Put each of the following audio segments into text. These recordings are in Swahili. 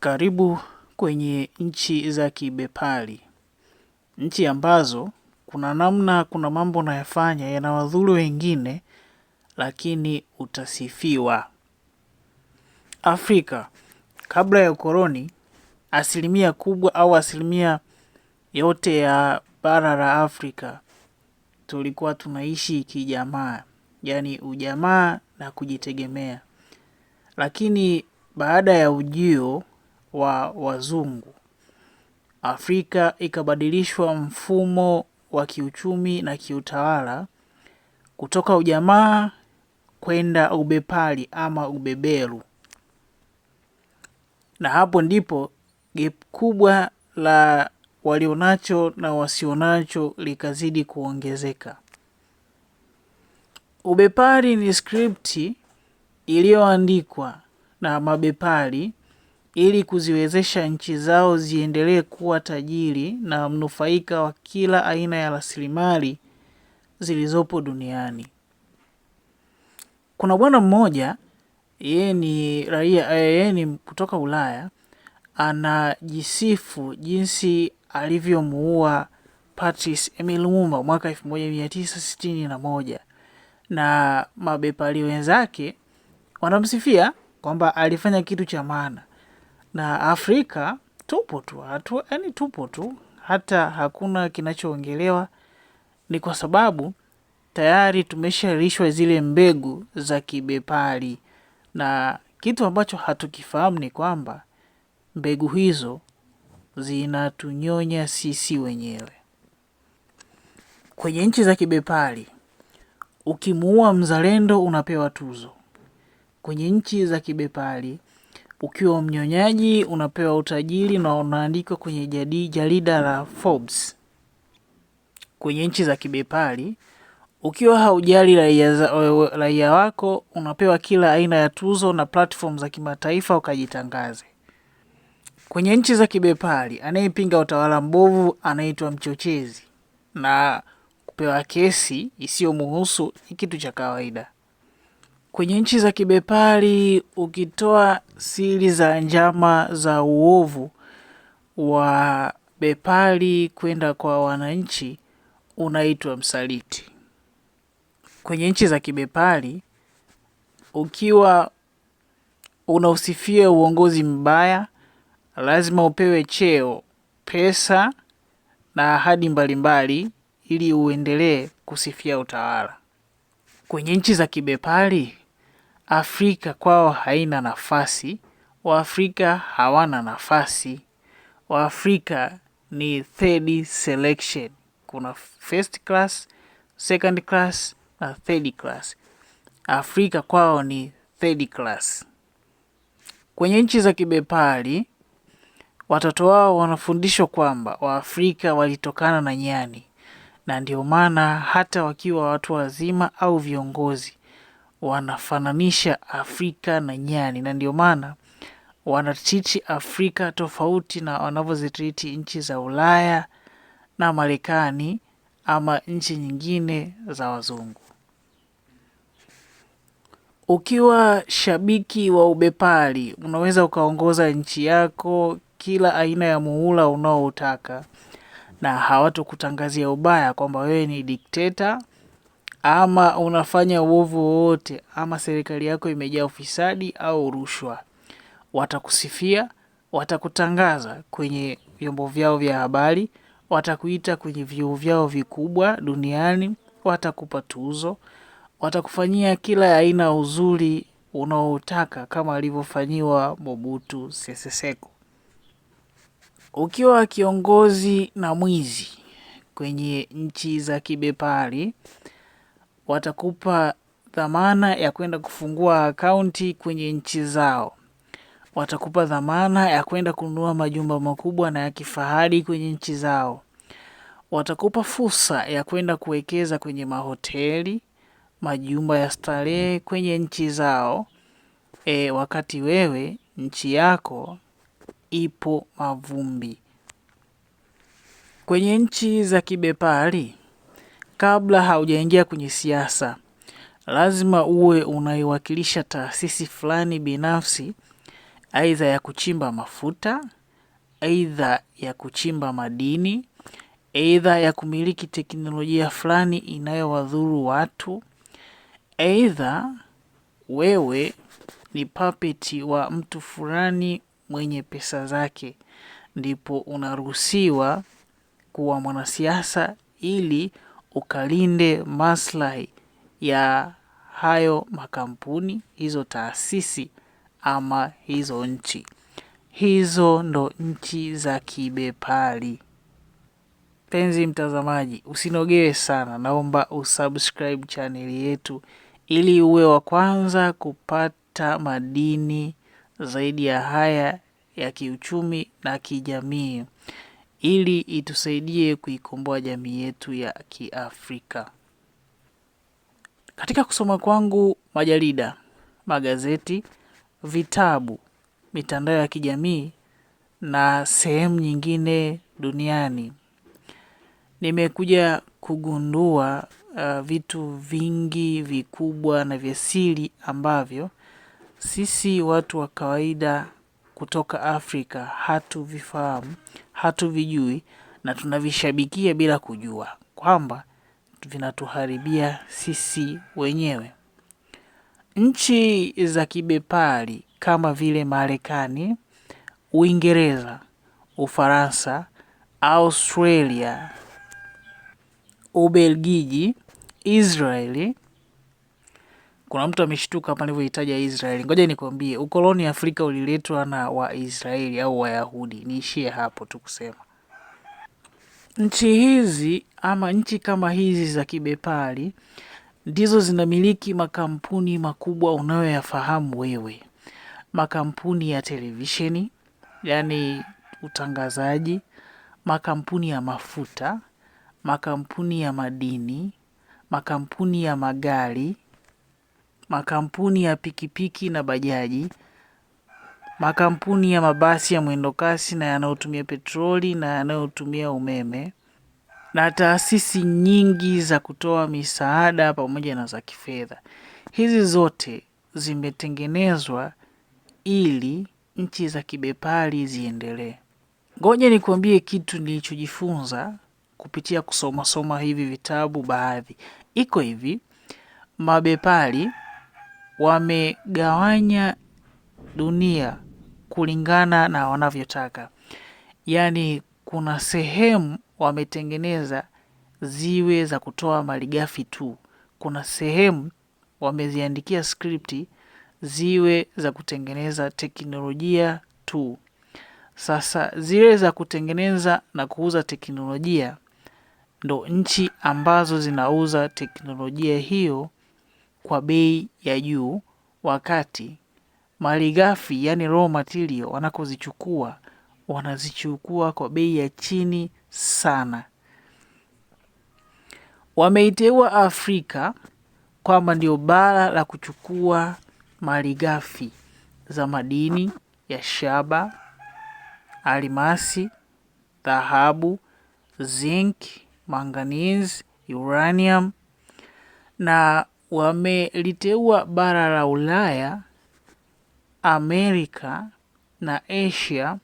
Karibu kwenye nchi za kibepari, nchi ambazo kuna namna, kuna mambo unayofanya yanawadhuru wengine, lakini utasifiwa. Afrika kabla ya ukoloni, asilimia kubwa au asilimia yote ya bara la Afrika tulikuwa tunaishi kijamaa, yaani ujamaa na kujitegemea, lakini baada ya ujio wa wazungu. Afrika ikabadilishwa mfumo wa kiuchumi na kiutawala kutoka ujamaa kwenda ubepari ama ubeberu, na hapo ndipo gap kubwa la walionacho na wasionacho likazidi kuongezeka. Ubepari ni skripti iliyoandikwa na mabepari ili kuziwezesha nchi zao ziendelee kuwa tajiri na mnufaika wa kila aina ya rasilimali zilizopo duniani. Kuna bwana mmoja yeye ni raia, eh, yeye ni kutoka Ulaya, anajisifu jinsi alivyomuua Patrice Emery Lumumba mwaka 1961 na mabepari wenzake wanamsifia kwamba alifanya kitu cha maana na Afrika tupo tu hatu, yani tupo tu, hata hakuna kinachoongelewa. Ni kwa sababu tayari tumesharishwa zile mbegu za kibepari, na kitu ambacho hatukifahamu ni kwamba mbegu hizo zinatunyonya sisi wenyewe. Kwenye nchi za kibepari, ukimuua mzalendo unapewa tuzo. Kwenye nchi za kibepari, ukiwa mnyonyaji unapewa utajiri na unaandikwa kwenye jarida la Forbes kwenye nchi za kibepari. Ukiwa haujali raia wako unapewa kila aina ya tuzo na platform za kimataifa ukajitangaze. Kwenye nchi za kibepari, anayepinga utawala mbovu anaitwa mchochezi na kupewa kesi isiyomhusu ni kitu cha kawaida. Kwenye nchi za kibepari, ukitoa siri za njama za uovu wa bepari kwenda kwa wananchi, unaitwa msaliti. Kwenye nchi za kibepari, ukiwa unausifia uongozi mbaya, lazima upewe cheo, pesa na ahadi mbalimbali ili uendelee kusifia utawala. Kwenye nchi za kibepari Afrika kwao haina nafasi, Waafrika hawana nafasi. Waafrika ni third selection. Kuna first class, second class na third class. Afrika kwao ni third class. Kwenye nchi za kibepari watoto wao wanafundishwa kwamba Waafrika walitokana na nyani, na ndio maana hata wakiwa watu wazima au viongozi wanafananisha Afrika na nyani, na ndio maana wanatriti Afrika tofauti na wanavyozitriti nchi za Ulaya na Marekani ama nchi nyingine za wazungu. Ukiwa shabiki wa ubepari, unaweza ukaongoza nchi yako kila aina ya muhula unaoutaka na hawatokutangazia ubaya kwamba wewe ni dikteta ama unafanya uovu wowote, ama serikali yako imejaa ufisadi au rushwa, watakusifia, watakutangaza kwenye vyombo vyao vya habari, watakuita kwenye vyuo vyao vikubwa duniani, watakupa tuzo, watakufanyia kila aina ya uzuri unaotaka kama alivyofanyiwa Mobutu Sese Seko. Ukiwa kiongozi na mwizi kwenye nchi za kibepari watakupa dhamana ya kwenda kufungua akaunti kwenye nchi zao, watakupa dhamana ya kwenda kununua majumba makubwa na ya kifahari kwenye nchi zao, watakupa fursa ya kwenda kuwekeza kwenye mahoteli, majumba ya starehe kwenye nchi zao. E, wakati wewe nchi yako ipo mavumbi. Kwenye nchi za kibepari kabla haujaingia kwenye siasa, lazima uwe unaiwakilisha taasisi fulani binafsi, aidha ya kuchimba mafuta, aidha ya kuchimba madini, aidha ya kumiliki teknolojia fulani inayowadhuru watu, aidha wewe ni papeti wa mtu fulani mwenye pesa zake, ndipo unaruhusiwa kuwa mwanasiasa ili ukalinde maslahi ya hayo makampuni, hizo taasisi ama hizo nchi. Hizo ndo nchi za kibepari. Mpenzi mtazamaji, usinogewe sana, naomba usubscribe chaneli yetu ili uwe wa kwanza kupata madini zaidi ya haya ya kiuchumi na kijamii ili itusaidie kuikomboa jamii yetu ya Kiafrika. Katika kusoma kwangu majarida, magazeti, vitabu, mitandao ya kijamii na sehemu nyingine duniani, nimekuja kugundua uh, vitu vingi vikubwa na vya siri ambavyo sisi watu wa kawaida kutoka Afrika hatuvifahamu hatuvijui na tunavishabikia bila kujua kwamba vinatuharibia sisi wenyewe. Nchi za kibepari kama vile Marekani, Uingereza, Ufaransa, Australia, Ubelgiji, Israeli kuna mtu ameshtuka hapa nilivyoitaja Israeli. Ngoja nikwambie, ukoloni Afrika uliletwa na Waisraeli au Wayahudi. Niishie hapo tu kusema nchi hizi ama nchi kama hizi za kibepari ndizo zinamiliki makampuni makubwa unayoyafahamu wewe, makampuni ya televisheni, yani utangazaji, makampuni ya mafuta, makampuni ya madini, makampuni ya magari makampuni ya pikipiki na bajaji, makampuni ya mabasi ya mwendokasi na yanayotumia petroli na yanayotumia umeme na taasisi nyingi za kutoa misaada pamoja na za kifedha. Hizi zote zimetengenezwa ili nchi za kibepari ziendelee. Ngoja nikuambie kitu nilichojifunza kupitia kusomasoma hivi vitabu baadhi. Iko hivi mabepari wamegawanya dunia kulingana na wanavyotaka. Yaani kuna sehemu wametengeneza ziwe za kutoa malighafi tu. Kuna sehemu wameziandikia skripti ziwe za kutengeneza teknolojia tu. Sasa zile za kutengeneza na kuuza teknolojia ndo nchi ambazo zinauza teknolojia hiyo kwa bei ya juu wakati malighafi yani raw material wanakozichukua wanazichukua kwa bei ya chini sana. Wameiteua Afrika kwamba ndio bara la kuchukua malighafi za madini ya shaba, almasi, dhahabu, zinc, manganese, uranium na wameliteua bara la Ulaya, Amerika na Asia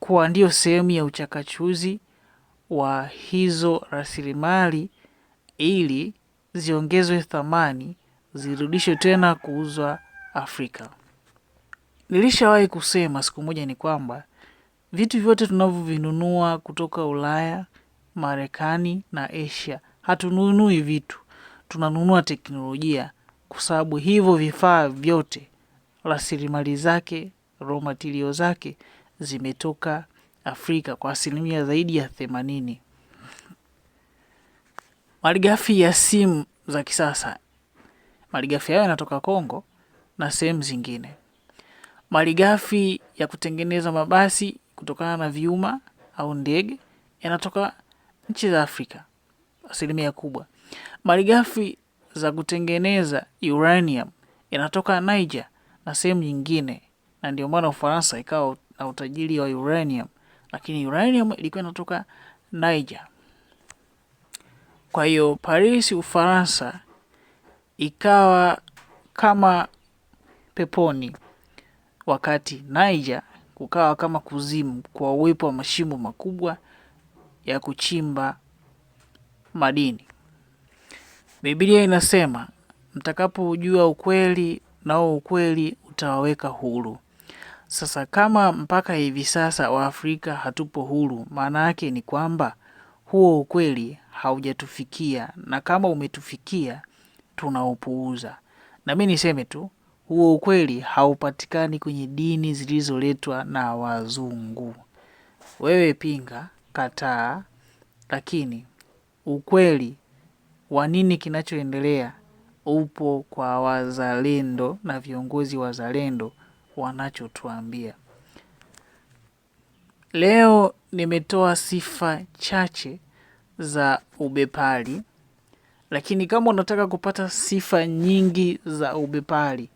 kuwa ndio sehemu ya uchakachuzi wa hizo rasilimali ili ziongezwe thamani zirudishwe tena kuuzwa Afrika. Nilishawahi kusema siku moja ni kwamba vitu vyote tunavyovinunua kutoka Ulaya, Marekani na Asia hatununui vitu tunanunua teknolojia, kwa sababu hivyo vifaa vyote rasilimali zake, romatilio zake zimetoka Afrika kwa asilimia zaidi ya themanini. Malighafi ya simu za kisasa, malighafi hayo yanatoka Kongo na sehemu zingine. Malighafi ya kutengeneza mabasi kutokana na vyuma au ndege yanatoka nchi za Afrika asilimia kubwa. Malighafi za kutengeneza uranium inatoka Niger na sehemu nyingine, na ndio maana Ufaransa ikawa na utajiri wa uranium, lakini uranium ilikuwa inatoka Niger. Kwa hiyo Paris, Ufaransa ikawa kama peponi, wakati Niger kukawa kama kuzimu kwa uwepo wa mashimo makubwa ya kuchimba madini. Biblia inasema mtakapojua ukweli nao ukweli utawaweka huru. Sasa kama mpaka hivi sasa Waafrika hatupo huru, maana yake ni kwamba huo ukweli haujatufikia, na kama umetufikia tunaupuuza. Na mi niseme tu, huo ukweli haupatikani kwenye dini zilizoletwa na wazungu. Wewe pinga, kataa, lakini ukweli wa nini kinachoendelea upo kwa wazalendo na viongozi wazalendo wanachotuambia. Leo nimetoa sifa chache za ubepari, lakini kama unataka kupata sifa nyingi za ubepari,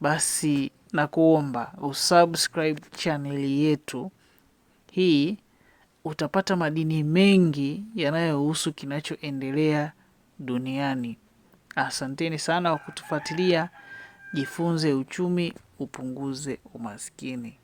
basi nakuomba usubscribe chaneli yetu hii. Utapata madini mengi yanayohusu kinachoendelea duniani. Asanteni sana kwa kutufuatilia. Jifunze uchumi, upunguze umaskini.